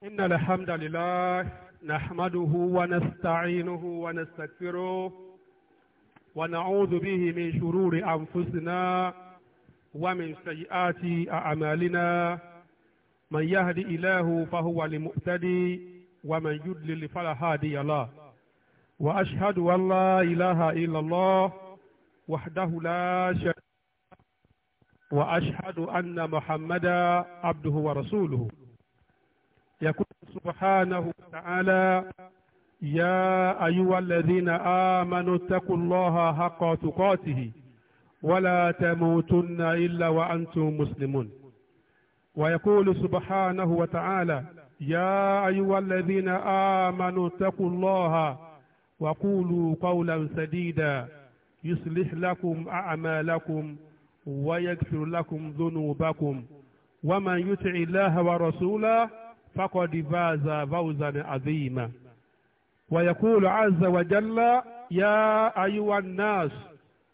إن الحمد لله نحمده ونستعينه ونستغفره ونعوذ به من شرور أنفسنا ومن سيئات أعمالنا من يهد إله فهو المؤتدي ومن يدلل فلا هادي له وأشهد أن لا إله إلا الله وحده لا شريك وأشهد أن محمدا عبده ورسوله سبحانه وتعالى يا أيها الذين آمنوا اتقوا الله حق تقاته ولا تموتن إلا وأنتم مسلمون ويقول سبحانه وتعالى يا أيها الذين آمنوا اتقوا الله وقولوا قولا سديدا يصلح لكم أعمالكم ويغفر لكم ذنوبكم ومن يطع الله ورسوله فقد فاز فوزا عظيما ويقول عز وجل يا أيها الناس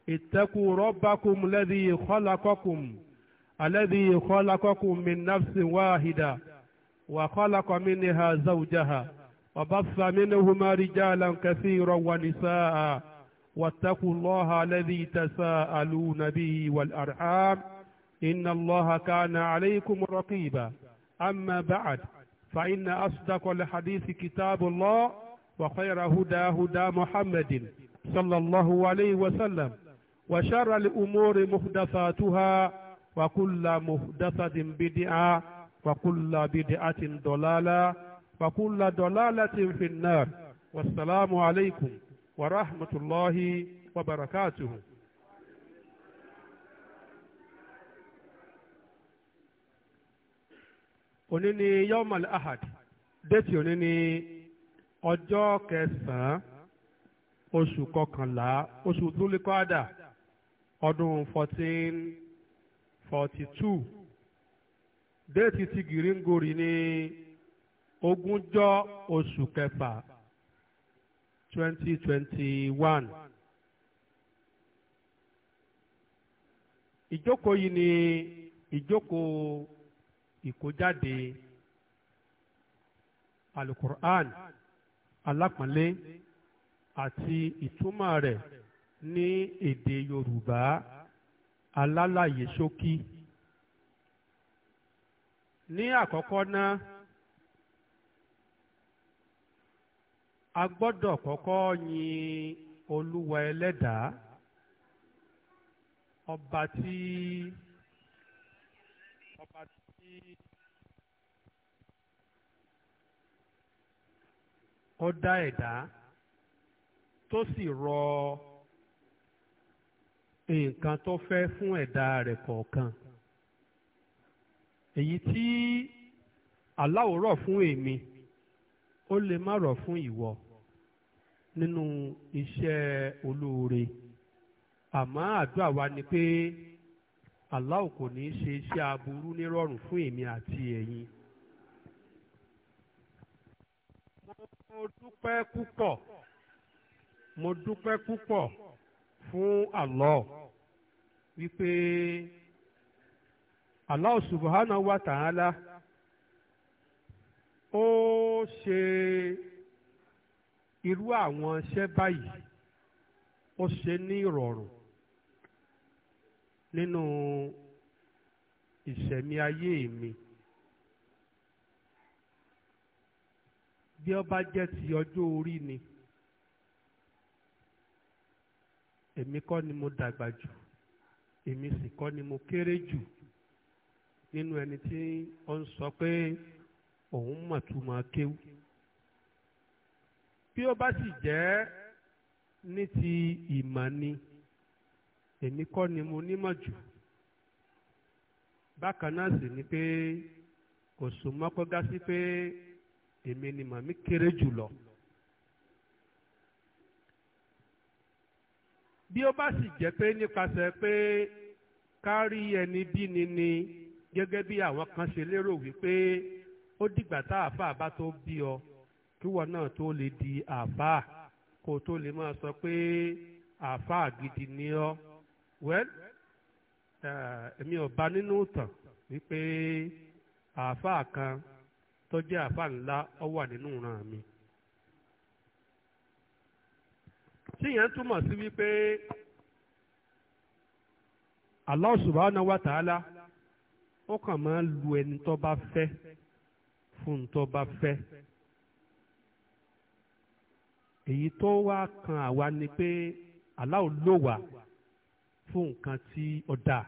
اتقوا ربكم الذي خلقكم الذي خلقكم من نفس واحدة وخلق منها زوجها وبث منهما رجالا كثيرا ونساء واتقوا الله الذي تساءلون به والأرحام إن الله كان عليكم رقيبا أما بعد فإن أصدق الحديث كتاب الله وخير هدى هدى محمد صلى الله عليه وسلم وشر الأمور محدثاتها وكل محدثة بدعة وكل بدعة ضلالة وكل ضلالة في النار والسلام عليكم ورحمة الله وبركاته òní ni yawmal ahad déètì òní ni ọjọ́ kẹsàn-án oṣù kọkànlá oṣù túlikọ́dà ọdún fourteen forty two déètì ti gìrìngorì ni ogúnjọ́ oṣù kẹfà twenty twenty one. ìjókòó yìí ni ìjókòó ìkójáde alukur'an alápọ̀nlé àti ìtumọ̀ rẹ̀ ní èdè yorùbá alálàyé ṣókí ní àkọ́kọ́ náà a gbọ́dọ̀ kọ́kọ́ yin olúwa ẹlẹ́dàá ọba tí nípa tí ó dá ẹ̀dá tó sì rọ nǹkan tó fẹ́ fún ẹ̀dá rẹ̀ kọ̀ọ̀kan èyí tí Allah rọ̀ fún èmi ó lè má rọ̀ fún ìwọ nínú iṣẹ́ olóore àmọ́ àdúrà wa ni pé. Allah kò ní í ṣe iṣẹ́ aburú nírọ̀rùn fún èmi àti ẹ̀yin. mo dúpẹ́ púpọ̀ mo dúpẹ́ púpọ̀ fún Allah wípé Allah subhanahu wa ó ṣe irú àwọn iṣẹ́ báyìí ó ṣe ní ìrọ̀rùn nínú ìṣẹ̀mí ayé mi bí ọ bá jẹ́ ti ọjọ́ orí ni èmi kọ́ ni mo dàgbà jù èmi sì kọ́ ni mo kéré jù nínú ẹni tí ó ń sọ pé òun mọ̀túmọ̀ kéwú bí ó bá sì jẹ́ ní ti ìmọ̀ ni. èmi kọ́ ni mo nímọ̀ jù bákan náà sì ni pé kò sùn mọ́kọ́ gá sí pé èmi ni màmí kéré jù lọ. bí ó bá sì jẹ́ pé nípasẹ̀ pé kárí ẹni bí ni ni gẹ́gẹ́ bí àwọn kan ṣe lérò wípé ó dìgbà tá àáfàá bá tó bí ọ kí wọn náà tó lè di àáfàá kó tó lè máa sọ pé àáfàá gidi ni ọ well eh, èmi ò bá nínú ìtàn wípé àáfàá kan tó jẹ́ àáfàá ńlá ọ wà nínú ìran mi. tíyẹn túmọ̀ sí wípé Allah subhanahu wa ta'ala ó kàn máa ń lu ẹni tó bá fẹ́ fún tó bá fẹ́ èyí tó wá kan àwa ni pé Allah ló wà fún nǹkan tí ó dáa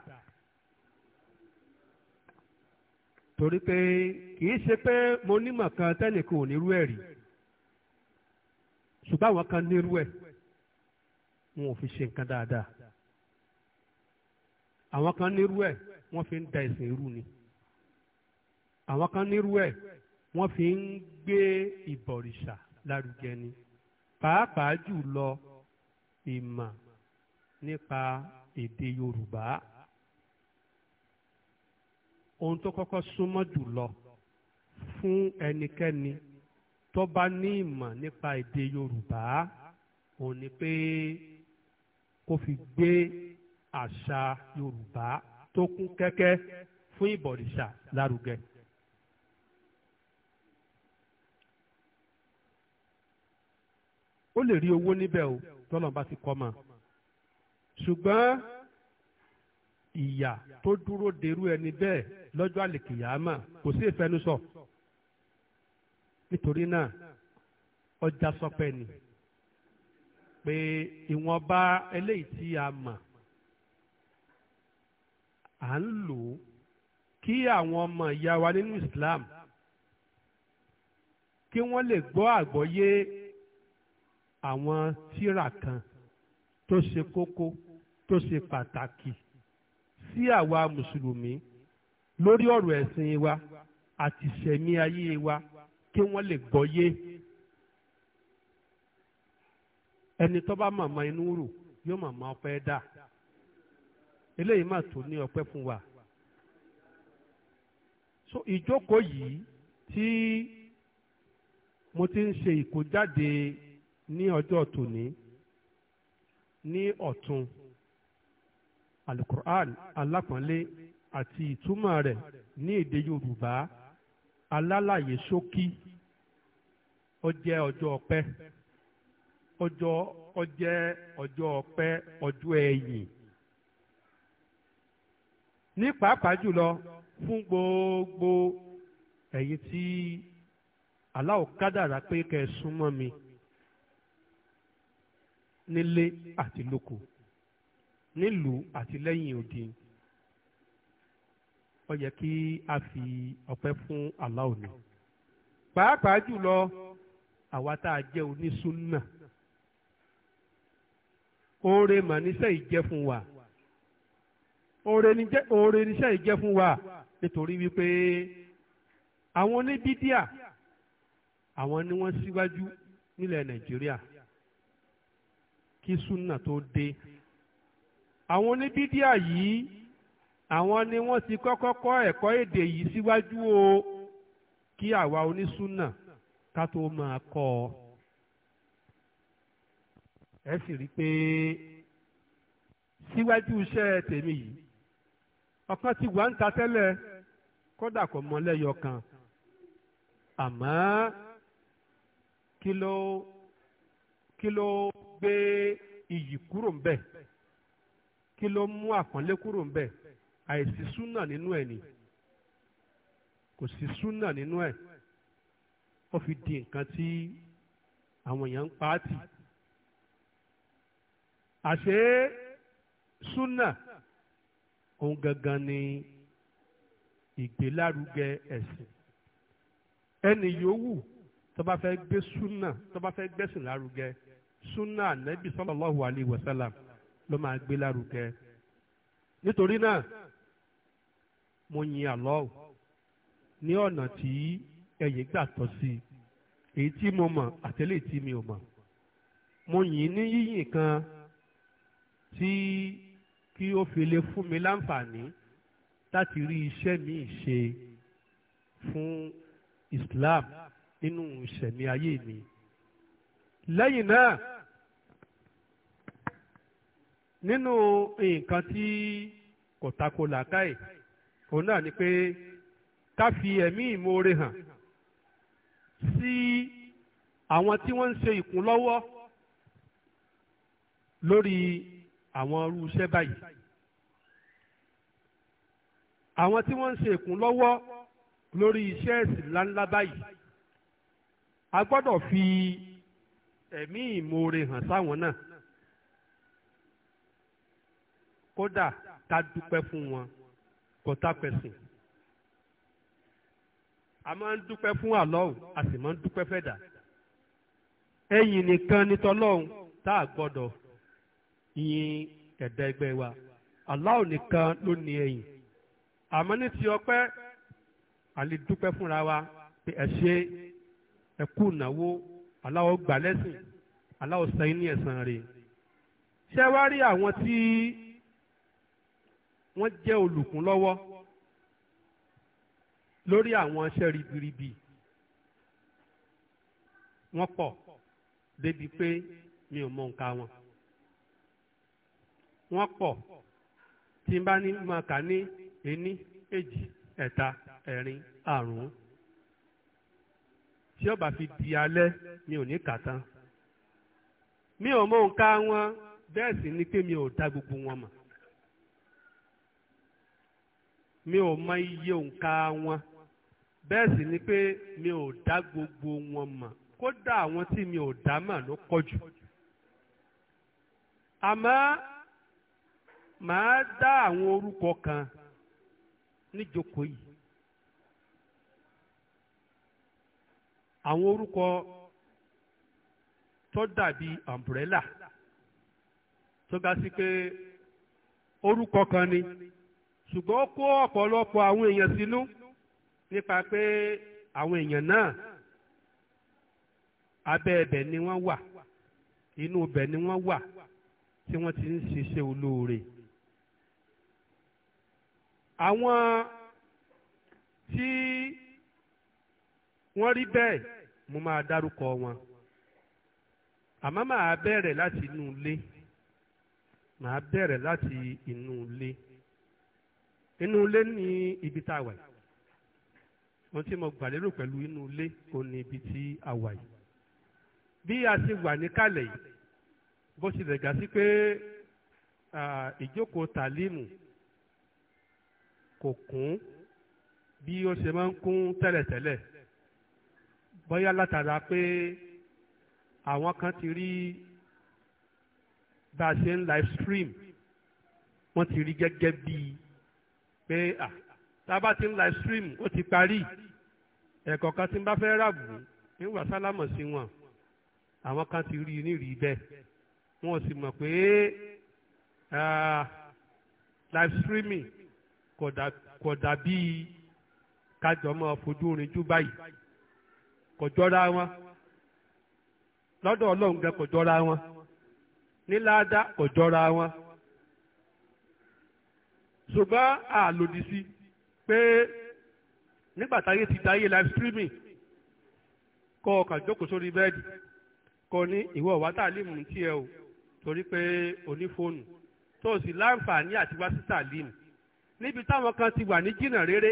torí pé kìí ṣe pé mo nímọ̀ kan tẹ́nìkan ò nírú ẹ̀ rí ṣùgbọ́n àwọn kan nírú ẹ̀ wọn ò fi ṣe nǹkan dáadáa àwọn kan nírú ẹ̀ wọ́n fi ń da ẹ̀sìn irú ni àwọn kan nírú ẹ̀ wọ́n fi ń gbé ìbọ̀rìṣà lárugẹ ni pàápàá jù lọ ìmọ̀ nípa èdè Yorùbá ohun tó kọ́kọ́ súnmọ́ jùlọ fún ẹnikẹ́ni tó bá ní ìmọ̀ nípa èdè Yorùbá òun ni pé kó fi gbé àṣà Yorùbá tó kún kẹ́kẹ́ fún ìbọ̀rìṣà lárugẹ. ó lè rí owó níbẹ̀ o tọ́lọ́mbà ti kọ́ mọ́ ọ ṣùgbọ́n ìyà tó dúró derú ẹni bẹ́ẹ̀ lọ́jọ́ àlèkìyàmà kò sí ìfẹnusọ nítorí náà ọjà sọpẹ ni pé ìwọ̀nba eléyìí tí a mọ̀ à ń lò ó kí àwọn ọmọ ìyá wa nínú Islam kí wọ́n lè gbọ́ àgbọ́yé àwọn tírà kan tó ṣe kókó tó ṣe pàtàkì sí àwa mùsùlùmí lórí ọ̀rọ̀ ẹ̀sìn wa àti ìṣẹ̀mí ayé wa kí wọ́n lè gbọ́yé ẹni tó bá màmá inú rò yóò màmá ọpẹ́ dà eléyìí mà tó ní ọpẹ́ fún wa so ìjókòó yìí tí mo ti ń ṣe ìkójáde ní ọjọ́ tòní ní ọ̀tún alukur'an alápọ̀nlé àti ìtumọ̀ rẹ̀ ní èdè yorùbá alálàyé ṣókí ó jẹ́ ọjọ́ ọpẹ́ ọjọ́ ó jẹ́ ọjọ́ ọpẹ́ ọjọ́ ẹ̀yìn ní pàápàá jùlọ fún gbogbo ẹ̀yin tí aláwọ̀ kádàrá pé kẹ́ ẹ súnmọ́ mi nílé àti lóko nílùú àti lẹ́yìn òde ó yẹ kí a fi ọpẹ́ fún Allah ni pàápàá jùlọ àwa tá a jẹ́ onísúnnà oore màníṣẹ́ ìjẹ́ fún wa oore níṣẹ́ ìjẹ́ fún wa nítorí wípé àwọn oníbídíà àwọn ni wọ́n síwájú nílẹ̀ Nàìjíríà kí súnnà tó dé àwọn oníbídíà yìí àwọn ni wọ́n ti kọ́kọ́ kọ́ ẹ̀kọ́ èdè yìí síwájú o kí àwa onísúnà ká tó máa kọ́ ọ. ẹ sì rí i pé síwájú iṣẹ́ tèmi yìí ọ̀kan ti wà ń ta tẹ́lẹ̀ kódà kò mọ lẹ́yọ kan àmọ́ kí ló kí ló gbé iyì kúrò ń bẹ̀ kí ló mú àpọ́nlé kúrò ń bẹ̀ àìsí súnà nínú ẹ̀ ni kò sí súnà nínú ẹ̀ ó fi di nǹkan tí àwọn èèyàn ń paátì àṣé súnà òun gangan ni ìgbélárugẹ ẹ̀sìn ẹni yòówù tó bá fẹ́ gbé súnà tó bá fẹ́ gbẹ̀sìn lárugẹ súnà ànábì sallallahu alaihi wasallam ló máa gbé lárugẹ nítorí náà mo yin Allah ní ọ̀nà tí ẹ̀yìn gbà tọ́ sí èyí tí mo mọ̀ àtẹ́lẹ̀ tí mi ò mọ̀ mo yìn ní yíyìn kan tí kí ó fi lè fún mi láǹfààní láti rí iṣẹ́ mi ṣe fún Islam nínú ìṣẹ̀mí ayé mi lẹ́yìn náà nínú nǹkan tí kò tako làákàyè òun náà ni pé ká fi ẹ̀mí ìmoore hàn sí àwọn tí wọ́n ń ṣe ìkúnlọ́wọ́ lórí àwọn irú iṣẹ́ báyìí àwọn tí wọ́n ń ṣe ìkúnlọ́wọ́ lórí iṣẹ́ ẹ̀sìn ńláńlá báyìí a gbọ́dọ̀ fi ẹ̀mí ìmoore hàn sáwọn náà kódà ká dúpẹ́ fún wọn kò tápẹ̀sìn a máa ń dúpẹ́ fún àlọ́hùn a sì máa ń dúpẹ́ fẹ́dà ẹ̀yìn nìkan ni tọlọ́hùn tá a gbọ́dọ̀ yin ẹ̀dá ẹgbẹ́ wa Allah nìkan ló ní ẹ̀yìn àmọ́ ní ti ọpẹ́ a lè dúpẹ́ fúnra wa pé ẹ ṣe ẹ kú ìnáwó Allah gbà lẹ́sìn Allah ní ẹ̀san rẹ̀ ṣé wá rí àwọn tí wọ́n jẹ́ olùkún lọ́wọ́ lórí àwọn iṣẹ́ ribiribi wọ́n pọ̀ débi pé mi ò mọ nǹka wọn. wọ́n pọ̀ tí n bá ní máa kà ní ení èjì ẹ̀ta ẹ̀rin àrùn tí ó bá fi di alẹ́ mi ò ní kà tán. mi ò mọ nǹka wọn bẹ́ẹ̀ sì ni pé mi ò dá gbogbo wọn mọ̀. mi ò mọ iye òǹkà wọn bẹ́ẹ̀ sì ni pé mi ò dá gbogbo wọn mọ̀ kódà àwọn tí mi ò dá mọ̀ ló pọ̀ jù àmọ́ màá dá àwọn orúkọ kan níjókòó yìí àwọn orúkọ tó dàbí umbrella tó ga sí pé orúkọ kan ni ṣùgbọ́n ó kó ọ̀pọ̀lọpọ̀ àwọn èèyàn sínú nípa pé àwọn èèyàn náà abẹ́ ẹbẹ̀ ni wọ́n wà inú ibẹ̀ ni wọ́n wà tí wọ́n ti ń ṣiṣẹ́ olóore. àwọn tí wọ́n rí bẹ́ẹ̀ mo máa dárúkọ wọn àmọ́ màá bẹ̀rẹ̀ láti inú ilé màá bẹ̀rẹ̀ láti inú ilé inú ilé ní ibi tá a wà yìí mo ti mọ gbàlérò pẹ̀lú inú ilé kò ní ibi tí a wà yìí bí a ti wà níkàlẹ̀ yìí bó tilẹ̀ gà sí pé ìjókòó tàlímù kò kún bí ó ṣe máa ń kún tẹ́lẹ̀tẹ́lẹ̀ bóyá látara pé àwọn kan ti rí bá a ṣe ń live stream wọ́n ti rí gẹ́gẹ́ bíi pé à tá a bá ti ń live stream ó ti parí ẹ̀kọ́ kan tí n bá fẹ́ ràbù ní wàsálámọ̀ sí wọn àwọn kan ti rí i nírìí bẹ́ẹ̀ wọn sì mọ̀ pé live streaming kò dàbí kájọ máa fojú orin jú báyìí kò jọra wọn lọ́dọ̀ ọlọ́run gan kò jọra wọn ní ládàá kò jọra wọn ṣùgbọ́n àlòdì sí pé nígbà táyé ti dáyé live streaming kọ́ ọkàn jókòó sórí bẹ́ẹ̀dì kọ́ ní ìwọ ọ̀wá tàlímù tí ẹ o torí pé onífóònù tó sì láǹfààní àti wá sí tàlímù níbi táwọn kan ti wà ní jìnnà réré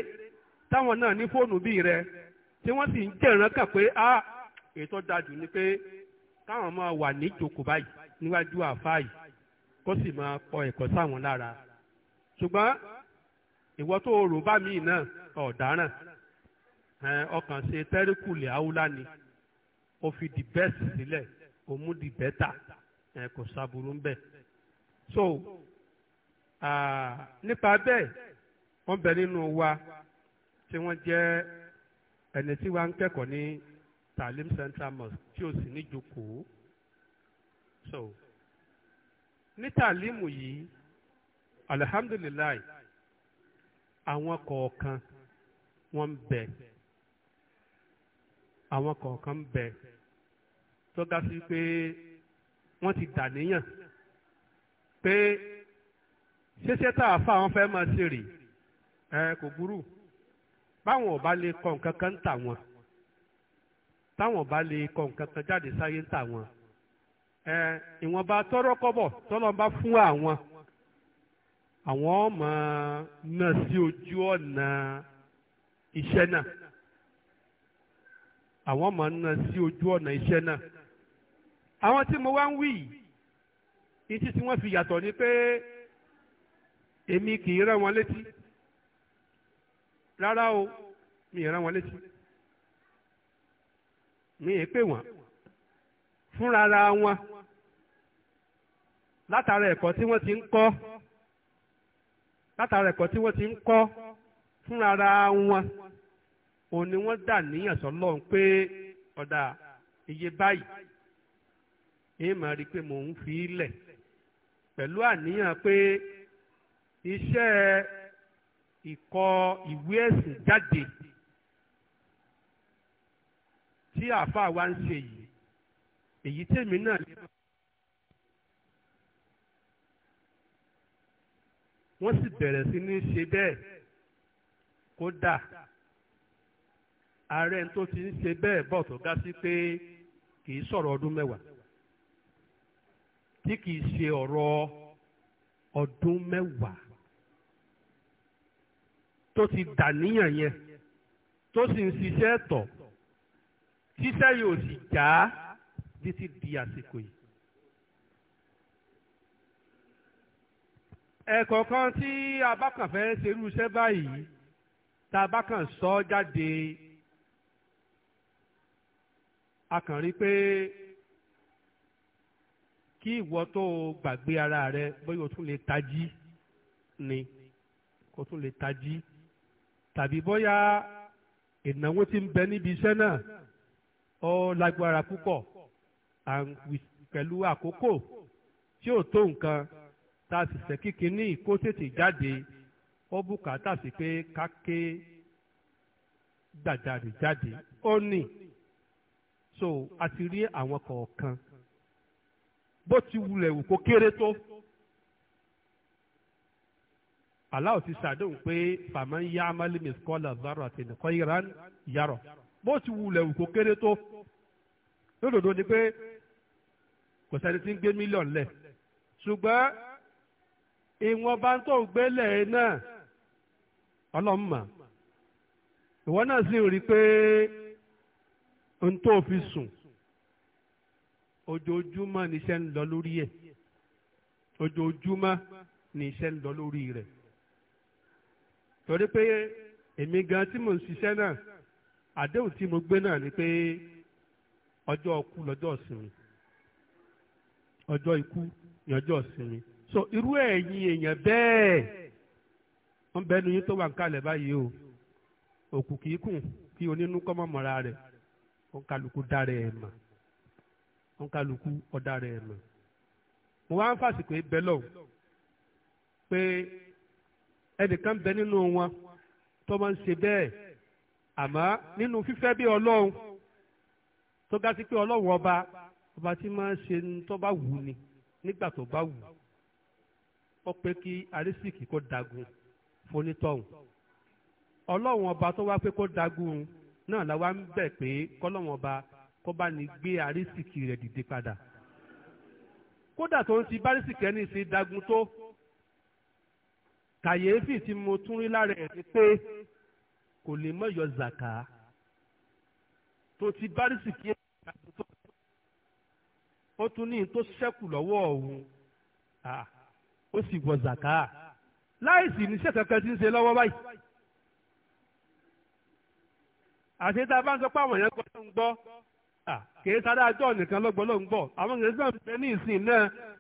táwọn náà ní fóònù bíi rẹ tí wọ́n sì ń jẹ̀ràn kàn pé a ètò dájú ni pé káwọn máa wà ní ìjókòó báyìí níwájú àfáà yìí kó sì máa kọ ẹ̀kọ́ sáwọn lára ṣùgbọ́n ìwọ tó rò bá mi náà ọ̀daràn ọkàn ṣe tẹ́ríkùlẹ̀ haúlá ni ó fi the best sílẹ̀ ó mú the better kò sábúrú ń bẹ̀. so nípa bẹ́ẹ̀ wọ́n bẹ nínú wa tí wọ́n jẹ́ ẹni tí wọ́n ń kẹ́kọ̀ọ́ ní Talim Central Mosque tí ó sì ní jókòó. so ní tàlímù yìí Alhamdulillah, àwọn kọ̀ọ̀kan wọ́n ń bẹ àwọn kọ̀ọ̀kan ń bẹ tó ga sí pé wọ́n ti dàníyàn pé ṣẹṣẹ tá a fa àwọn fẹ́ máa ṣe rè ẹ kò burú báwọn ò bá lè kọ nǹkan kan ń tà wọn táwọn ò lè kọ nǹkan kan jáde sáyé ń tà wọn ẹ ìwọ̀nba tọ́rọ́kọ́bọ̀ tọ́lọ́ba fún àwọn. àwọn ọmọ náà sí ojú ọ̀nà iṣẹ́ náà àwọn ọmọ náà sí ojú ọ̀nà iṣẹ́ náà àwọn tí mo wá ń wí yìí tí wọ́n fi yàtọ̀ ni pé èmi kì í rán wọn létí rárá o mi ì rán wọn létí mi ì pè wọ́n fúnra ra wọn látara ẹ̀kọ́ tí wọ́n ti ń kọ́. látara ẹ̀kọ́ tí wọ́n ti ń kọ́ fúnra wọn òun ni wọ́n dà níyàn sọ́lọ́run pé ọ̀dà iye báyìí èyí máa rí i pé mò ń fi í lẹ̀ pẹ̀lú àníyàn pé iṣẹ́ ìkọ ìwé ẹ̀sìn jáde tí àáfàá wa ń ṣe yìí èyí tèmi náà lè máa. wọ́n sì bẹ̀rẹ̀ sí ní ṣe bẹ́ẹ̀ kódà ààrẹ tó ti ń ṣe bẹ́ẹ̀ bọ̀ tó ga sí pé kì í sọ̀rọ̀ ọdún mẹ́wàá tí kì í ṣe ọ̀rọ̀ ọdún mẹ́wàá tó ti dàníyàn yẹn tó sì ń ṣiṣẹ́ tọ̀ tíṣẹ́ yóò sì já títí di àsìkò yìí. ẹ̀kọ̀ọ̀kan tí a bá kàn fẹ́ ṣerú iṣẹ́ báyìí tá a bá kàn sọ jáde a kàn rí pé kí ìwọ tó gbàgbé ara rẹ bóyá o tún lè tají ni kó tún lè tají tàbí bóyá ìnáwó tí ń bẹ níbi iṣẹ́ náà ó lágbára púpọ̀ pẹ̀lú àkókò tí ò tó nǹkan tá a sì fẹ́ kí kinní kó tètè jáde ó bùkátà sí pé ká ké gbàjarè jáde ó nì so a ti rí àwọn kọ̀ọ̀kan bó ti wulẹ̀ wù kó kéré tó aláwọ̀ ti ṣàdéhùn pé fàmọ́ ń yá amálẹ́mí skọ́là zọ́rọ̀ àti nìkan ìran yarọ̀ bó ti wulẹ̀ wù kó kéré tó lódodo ni pé kò sẹ́ni ń gbé mílíọ̀nù lẹ̀ ṣùgbọ́n ìwọ̀nba tó gbélé náà ọlọ́mà ìwọ náà sì rí pé n tó fi sùn ojoojúmọ́ níṣẹ́ ń lọ lórí ẹ̀ ojoojúmọ́ níṣẹ́ ń lọ lórí rẹ̀ torí pé èmi gan tí mò ń ṣiṣẹ́ náà àdéhùn tí mo gbé náà ni pé ọjọ́ ikú lọ́jọ́ ìsinmi ọjọ́ ikú ni ọjọ́ ìsinmi. so irú ẹ̀yin èèyàn bẹ́ẹ̀ wọ́n bẹ́nu yín tó wà ń kalẹ̀ báyìí o òkú kì í kùn kí onínú kọ́ mọ́ mọ́ra rẹ̀ wọ́n kálukú dára ẹ̀ mà wọ́n kálukú ọ̀dára ẹ̀ mà mo wá ń fàsìkò ìbẹ́lọ̀ pé ẹnìkan bẹ nínú wọn tó máa ń ṣe bẹ́ẹ̀ àmọ́ nínú fífẹ́ bí ọlọ́run tó ga sí pé ọlọ́run ọba ọba tí máa ń ṣe tó bá wù ni nígbà tó bá wù ó pé kí arísìkì kó dagun fonítọ̀hún ọlọ́run ọba tó wá pé kó dagun náà la wá ń bẹ̀ pé kọ́lọ́run ọba kó bá ní gbé arísìkì rẹ̀ dìde padà kódà tó ń ti bárísìkì ẹni sí dagun tó kàyéfì tí mo tún rí lára ẹ̀ ni pé kò lè mọ̀ yọ zàkà tó ti bárísìkì ẹni tó ó tún ní tó ṣẹ́kù lọ́wọ́ òun. Ah, ó sì wọ zaka láìsí níṣẹ́ kankan tí ń ṣe lọ́wọ́ báyìí. àti tá a bá ń sọ pé àwọn èèyàn gbọ́ ló ń gbọ́ kìí sáré àjọ nìkan lọ́gbọ́ ló ń gbọ́ àwọn èèyàn náà bẹ ní ìsìn náà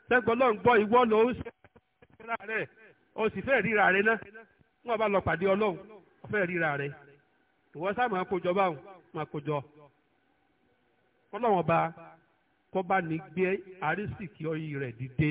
sẹ́gbọ́ ló ń gbọ́ ìwọ ló ń ṣe ìrora rẹ̀ o sì fẹ́ ríra rẹ̀ náà wọ́n bá lọ pàdé ọlọ́run wọ́n fẹ́ ríra rẹ̀ ìwọ sáà máa kó jọ báwọn máa kó jọ ọlọ́wọ́n bá ní gbé àrísìkí ọyì rẹ̀ dìde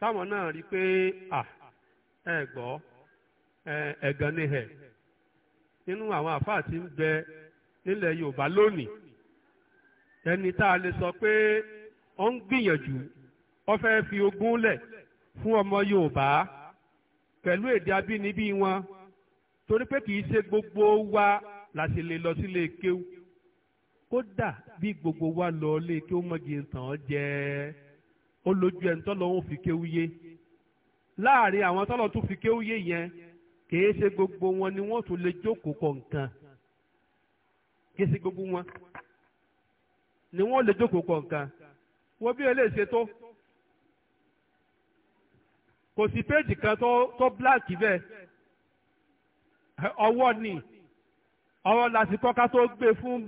táwọn náà rí i pé à ẹ gbọ́ ẹ̀gàn ni ẹ̀ nínú àwọn àfáà tí ń bẹ nílẹ̀ Yorùbá lónìí ẹni tá a lè sọ pé ó ń gbìyànjú ó fẹ́ fi ogún lẹ̀ fún ọmọ Yorùbá pẹ̀lú èdè abínibí wọn torí pé kì ṣe gbogbo wa la sì lè lọ sílé kéwú kódà bí gbogbo wa lọ lé kéwú mọ́gi tàn án jẹ́ ẹ́ ó lójú ẹni tọ́lọ́ òun fi kéwúyé láàrin àwọn tọ́lọ́ tún fi kéwúyé yẹn kìí ṣe gbogbo wọn ni wọ́n tún lè jókòó kọ nǹkan kìí ṣe gbogbo wọn ni wọ́n lè jókòó kọ nǹkan wọ́n bí eléyìí ṣe tó kò sí péjì kan tó tó bíláàkì bẹ́ẹ̀ ọwọ́ ni ọwọ́ láti kọ́ ká tó gbé fún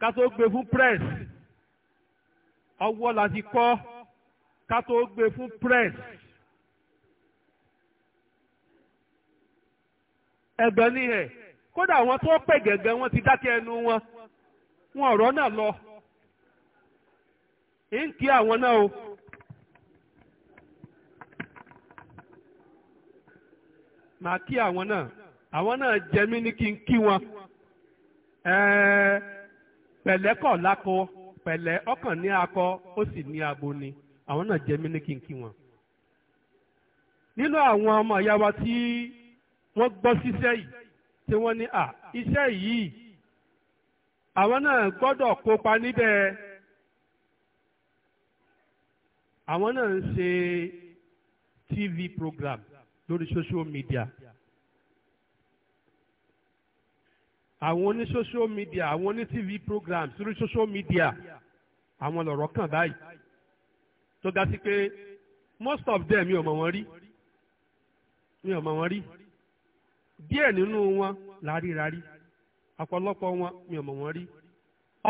ká tó gbé fún press ọwọ́ láti kọ́. ká ogbe gbé fún press ẹgbẹ́ níhẹ̀ kódà àwọn tó pè gẹ̀gẹ́ wọn ti dákẹ́ ẹnu wọn wọn ọ̀rọ̀ náà lọ ń kí àwọn náà o. màá kí àwọn náà àwọn náà jẹ mí ní kí n kí wọn pẹ̀lẹ́ kọ̀ lakọ pẹ̀lẹ́ ọkàn ní akọ ó sì ní abo ni. àwọn náà jẹ mí ní kínkí wọn. nínú àwọn ọmọ àyà wa tí wọ́n gbọ́ síṣẹ́ yìí tí wọ́n ní à iṣẹ́ yìí àwọn náà gbọ́dọ̀ kópa níbẹ̀ àwọn náà ń ṣe TV program lórí social media. àwọn oní social media àwọn oní TV programs lórí social media àwọn lọ̀rọ̀ kàn báyìí. tó ga sí pé most of them mi ò mọ̀ wọ́n rí mi ò mọ̀ wọ́n rí díẹ̀ nínú wọn lárírarí ọ̀pọ̀lọpọ̀ wọn mi ò ri wọ́n rí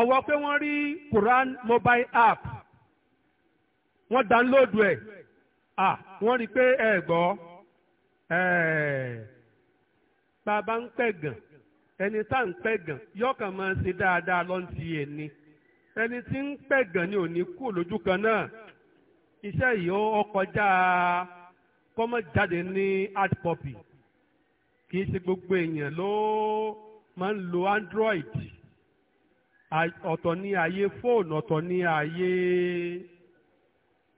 ọwọ́ pé wọ́n rí Quran mobile app won dánlóòdù ẹ̀ ah won rí i pé ẹ gbọ́ bàbá ń pẹ̀ gàn ẹni tá à ń pẹ̀ gàn yọkàn máa ń ṣe dáadáa lọ́ntì ẹ̀ ni ẹni tí ń gàn ni ò ní kú lójú kan náà. iṣẹ́ yìí ó kọjá kọ́mọ jáde ní hard copy kì í ṣe gbogbo èèyàn ló máa ń lo android ọ̀tọ̀ ní ààyè fóònù ọ̀tọ̀ ní ààyè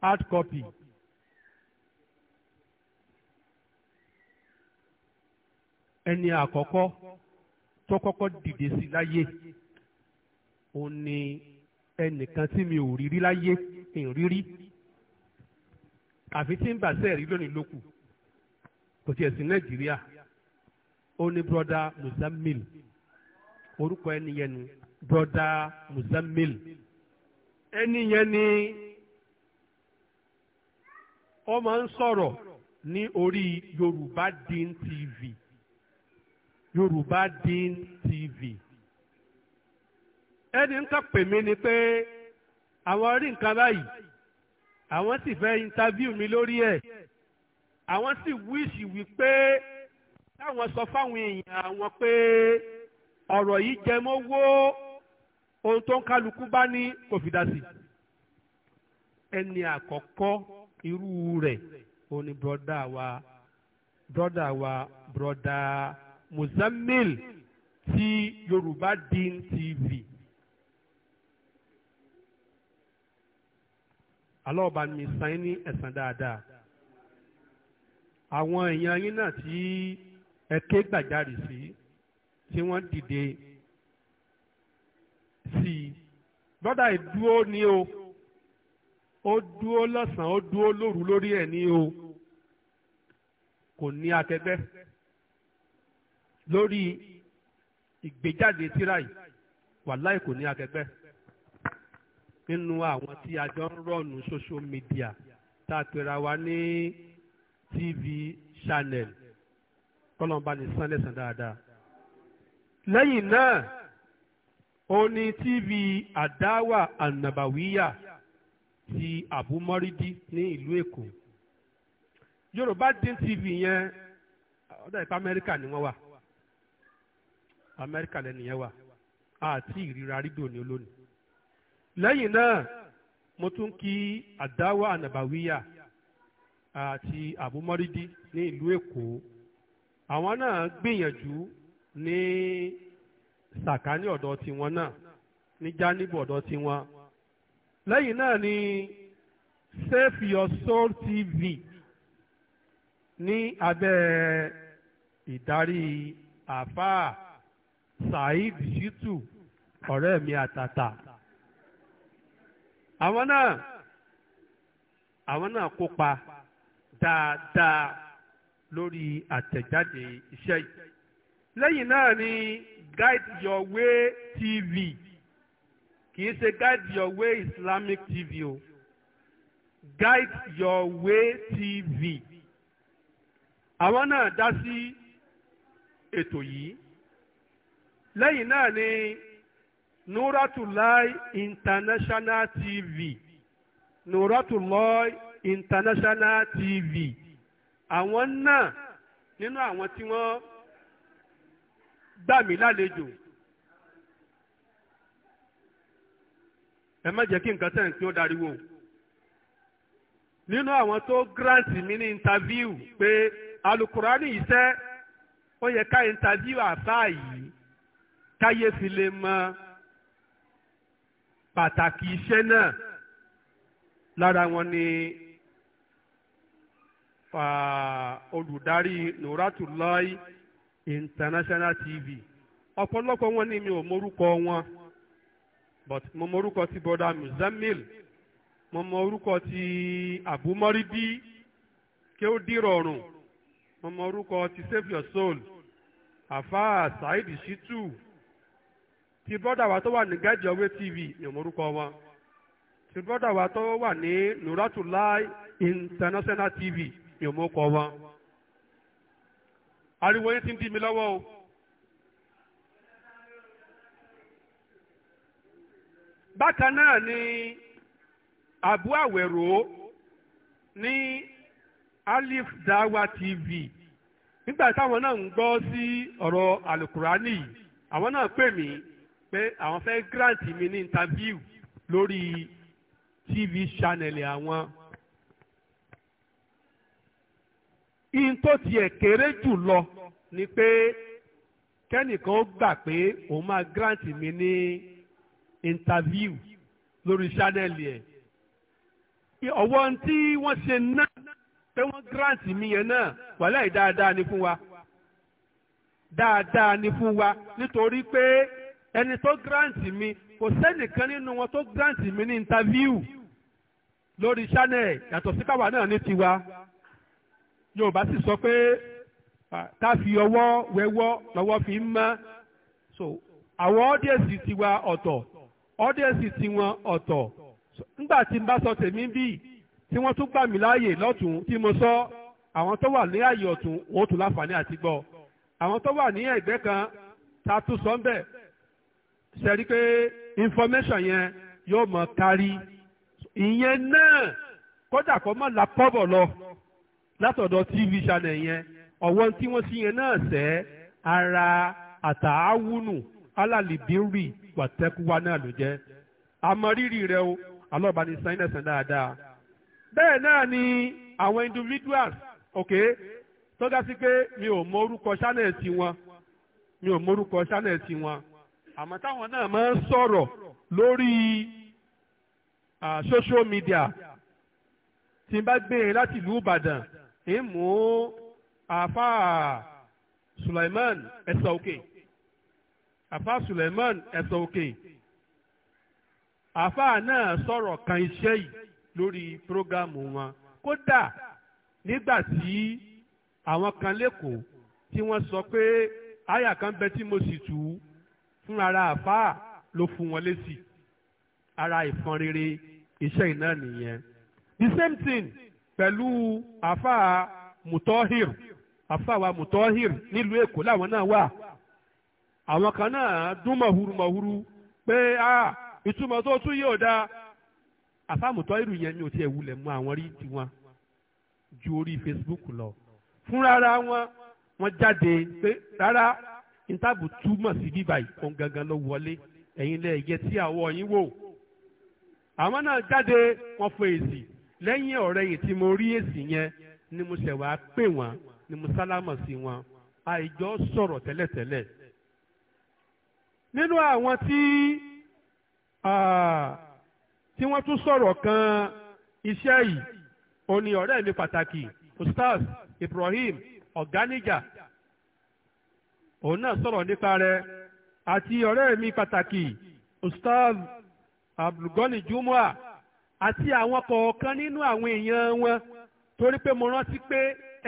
hard copy. ẹni àkọ́kọ́ tó kọ́kọ́ dìde sí láyé òun ni ẹnìkan tí mi ò rí rí láyé èèyàn àfi tí ń bà sẹ́ẹ̀rí lónìí lókù kò tiẹ̀ sí nàìjíríà ó ní broda muzamil orúkọ ẹni yẹn ni broda muzamil ẹni yẹn ni ó máa ń sọ̀rọ̀ ní orí yorùbá dín tv yorùbá dín tv ẹni ń kà pè mí ni pé àwọn rí nǹkan báyìí àwọn sì fẹ́ interview mi lórí ẹ̀ àwọn sì wíṣì wípé táwọn sọ fáwọn èèyàn àwọn pé ọ̀rọ̀ yìí jẹ mọ́ wó ohun tó ń kálukú bá ní kò fi dá sí ẹni àkọ́kọ́ irú rẹ̀ ó ní bọ́dà wa bọ́dà wa bọ́dà Muzammil ti Yorùbá Deen TV. alọ́ọ̀bá mi san yín ní ẹ̀san dáadáa àwọn èèyàn yín náà tí ẹ ké gbàjarì sí tí wọ́n dìde sí i bọ́dà ìdúró ni o ó dúró lọ́sàn-án ó dúró lóru lórí ẹ̀ ní o kò ní akẹgbẹ́ lórí ìgbéjáde tíráì wàláì kò ní akẹgbẹ́ nínú àwọn tí a jọ ń rọ̀nù social media tá a pera wa ní tv channel kọ́lọ́mbà ní sànlẹ̀sàn dáadáa. lẹ́yìn náà ó ní tv àdáwà ànàbàwíyà ti àbúmọ́rídì ní ìlú èkó yorùbá dín tv yẹn ọ̀dọ̀ ìpá amẹ́ríkà ni wọ́n wà amẹ́ríkà lẹ́nìyẹn wà àti ìríra rídò ní olónìí lẹ́yìn náà mo tún kí àdáwà ànàbàwíyà àti àbúmọ́rídì ní ìlú èkó àwọn náà gbìyànjú ní sàkání ọ̀dọ̀ tiwọn náà ní jánìbù ọ̀dọ̀ tiwọn lẹ́yìn náà ni save your soul tv ní abẹ́ ìdarí àfáà saheed shitu ọ̀rẹ́ mi àtàtà àwọn náà àwọn náà kópa dáadáa lórí àtẹ̀jáde iṣẹ́ yìí lẹ́yìn náà ni guide your way tv kì í ṣe guide your way islamic tv o guide your way tv àwọn náà dá sí ètò yìí lẹ́yìn náà ni. Nuratullah International TV Nuratullah International TV àwọn náà nínú àwọn tí wọ́n gbà mí lálejò ẹ má jẹ́ kí nǹkan tẹ̀ ń pín ó dariwo nínú àwọn tó grant mi ní interview pé alukurani iṣẹ́ ó yẹ ká interview àfáà yìí káyé fi lè mọ pàtàkì iṣẹ́ náà lára wọn ni olùdarí Nuratullah International TV ọ̀pọ̀lọpọ̀ wọn ni mi ò mọrúkọ wọn but mo mọrúkọ ti broda Muzammil mo mọrúkọ ti Abumoribi kí ó dìrọ̀rùn mo mọrúkọ ti Save Your Soul àfáà Saheed Shitu ti bọ́dà wa tó wà ní tv ní ti bọ́dà wa tó wà ní international tv ní orúkọ wọn. ariwo yín ti ń mi lọ́wọ́ ní alif dawa tv nígbà táwọn náà ń gbọ́ sí alukurani àwọn náà pè mí pé àwọn fẹ́ grant mi ní interview lórí tv channel àwọn. in tó tiẹ̀ kéré jù lọ ni pé kẹ́nìkan ó gbà pé òun máa grant mi ní interview lórí channel yẹn ọwọ́ tí wọ́n ṣe náà pé wọ́n grant mi yẹn náà wàhálà yìí dáadáa ni fún wa dáadáa ni fún wa nítorí pé ẹni tó gírántì mi kò sẹ́nìkan nínú wọn tó gírántì mi ní intaviu lórí channel yàtọ̀ sí káwa náà ní tiwa yorùbá sì sọ pé ká fi ọwọ́ wẹwọ́ lọ́wọ́ fi ń mọ́ so àwọn ọ́díẹ̀sì tiwa ọ̀tọ̀ ọ́díẹ̀sì tiwọn ọ̀tọ̀ nígbà tí n bá sọ tèmi bí tí wọ́n tún gbà mí láàyè lọ́tún tí mo sọ àwọn tó wà ní àyè ọ̀tún wọ́n tún láǹfààní àti gbọ́ àwọn tó wà ní ẹ̀gbẹ́ kan ta tún sọ ń bẹ̀ ṣe pé information yẹn yóò mọ̀ kárí ìyẹn náà kódà kó má la pọ́bọ̀ lọ látọ̀dọ̀ tv channel yẹn ọ̀wọ́ tí wọ́n sí yẹn náà sẹ́ ara àtàáwùnù alálìbírì wàtẹ́kùwá náà ló jẹ́ àmọ́rírì rẹ o alọ́ọ̀bá ni sáyẹn ẹ̀sán dáadáa bẹ́ẹ̀ náà ni àwọn individuals ok tó dá sí pé mi ò mọ orúkọ channel tiwọn mi ò mọ orúkọ channel tiwọn àmọ́ táwọn náà máa ń sọ̀rọ̀ lórí social media tí n bá gbé e láti ìlú Ìbàdàn ń mú àfa Suleiman ẹsẹ̀ òkè àfa Suleiman ẹsẹ̀ òkè àfa náà sọ̀rọ̀ kan iṣẹ́ yìí lórí prógámù wọn kódà nígbà tí àwọn kan lẹ́kọ̀ọ́ tí wọ́n sọ pé àyà kan bẹ tí mo sì tù ú fún ara àfáà ló fún wọn lésì ara ìfọn rere iṣẹ́ iná nìyẹn the same thing pẹ̀lú àfáà mutohir, àfáà wa mutohir nílùú èkó làwọn náà wà àwọn kan náà dún mọ̀húrúmọ̀húrú pé a ìtumọ̀ tó tún yóò dáa àfáà mutọ́hìr yẹn ni ò tiẹ̀ wulẹ̀ mú àwọn rí tiwọn ju orí Facebook lọ fúnra wọn wọn jáde pé rárá ntàbù túmọ̀ sí bíbá yìí òun gangan ló wọlé ẹ̀yin lẹ yẹ tí àwọ̀ yín wò àwọn náà jáde wọn fọ èsì lẹ́yìn ọ̀rẹ́ yìí tí mo rí èsì yẹn ni mo ṣẹ̀ wá pè wọ́n ni mo sálámọ̀ sí wọn àìjọ sọ̀rọ̀ tẹ́lẹ̀tẹ́lẹ̀ nínú àwọn tí tí wọ́n tún sọ̀rọ̀ kan iṣẹ́ yìí òun ni ọ̀rẹ́ mi pàtàkì ustaz Ibrahim ọ̀gáníjà òun náà sọ̀rọ̀ nípa rẹ̀ àti ọ̀rẹ́ mi pàtàkì ustaz abdulgani jumua àti àwọn kọ̀ọ̀kan nínú àwọn èèyàn wọn torí pé mo rántí pé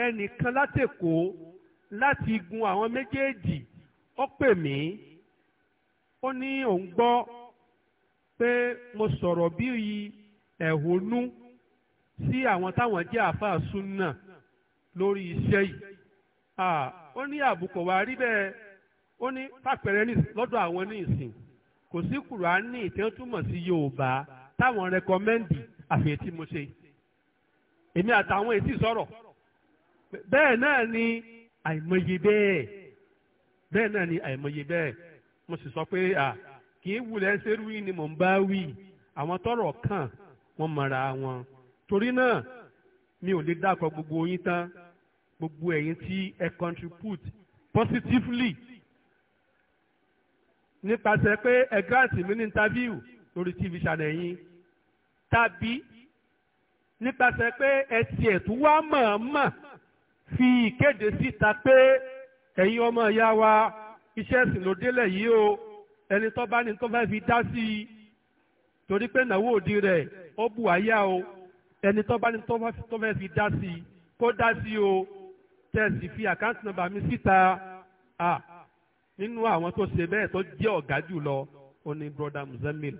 ẹnìkan látẹ̀kọ́ láti gun àwọn méjèèjì ó pè mí ó ní òun gbọ́ pé mo sọ̀rọ̀ bíi ẹ̀hónú sí àwọn táwọn jẹ́ àáfàá súnà lórí iṣẹ́ yìí ó ní àbùkù wa rí bẹ́ẹ̀ ó ní pàpẹ́rẹ́ lọ́dọ̀ àwọn ní ìsìn kò sí kùránì tí wọ́n túmọ̀ sí Yorùbá táwọn rẹkọmẹ́ndì àfihàn tí mo ṣe èmi àtàwọn èsì sọ̀rọ̀ bẹ́ẹ̀ náà ni àìmọye bẹ́ẹ̀ bẹ́ẹ̀ náà ni àìmọye bẹ́ẹ̀ mo sì sọ pé kì í wulẹ̀ ṣerú yìí ni mò ń bá wí àwọn tọ́rọ̀ kàn wọ́n mọ̀ra wọn torí náà mi ò lè dákọ̀ gbogbo yín tán gbogbo ẹ̀yin tí ẹ contribute positively nípasẹ̀ pé ẹ grant mi ní interview lórí tv channel yín tàbí nípasẹ̀ pé ẹ tiẹ̀ tún wá mọ̀ọ́mọ̀ fi ìkéde síta pé ẹ̀yin ọmọ ìyá wa iṣẹ́ ìsìn ló délẹ̀ yìí o ẹni tó bá ní tó fẹ́ fi dá sí i torí pé ìnáwó òdi rẹ̀ ó bù àyà o ẹni tó bá ní tó fẹ́ fi dá sí i kó dá sí i o tẹ́sí fi àkáǹtì nọ́mbà mi síta nínú àwọn tó ṣe bẹ́ẹ̀ tó jẹ́ ọ̀gá jù lọ ó ní broda Muzammil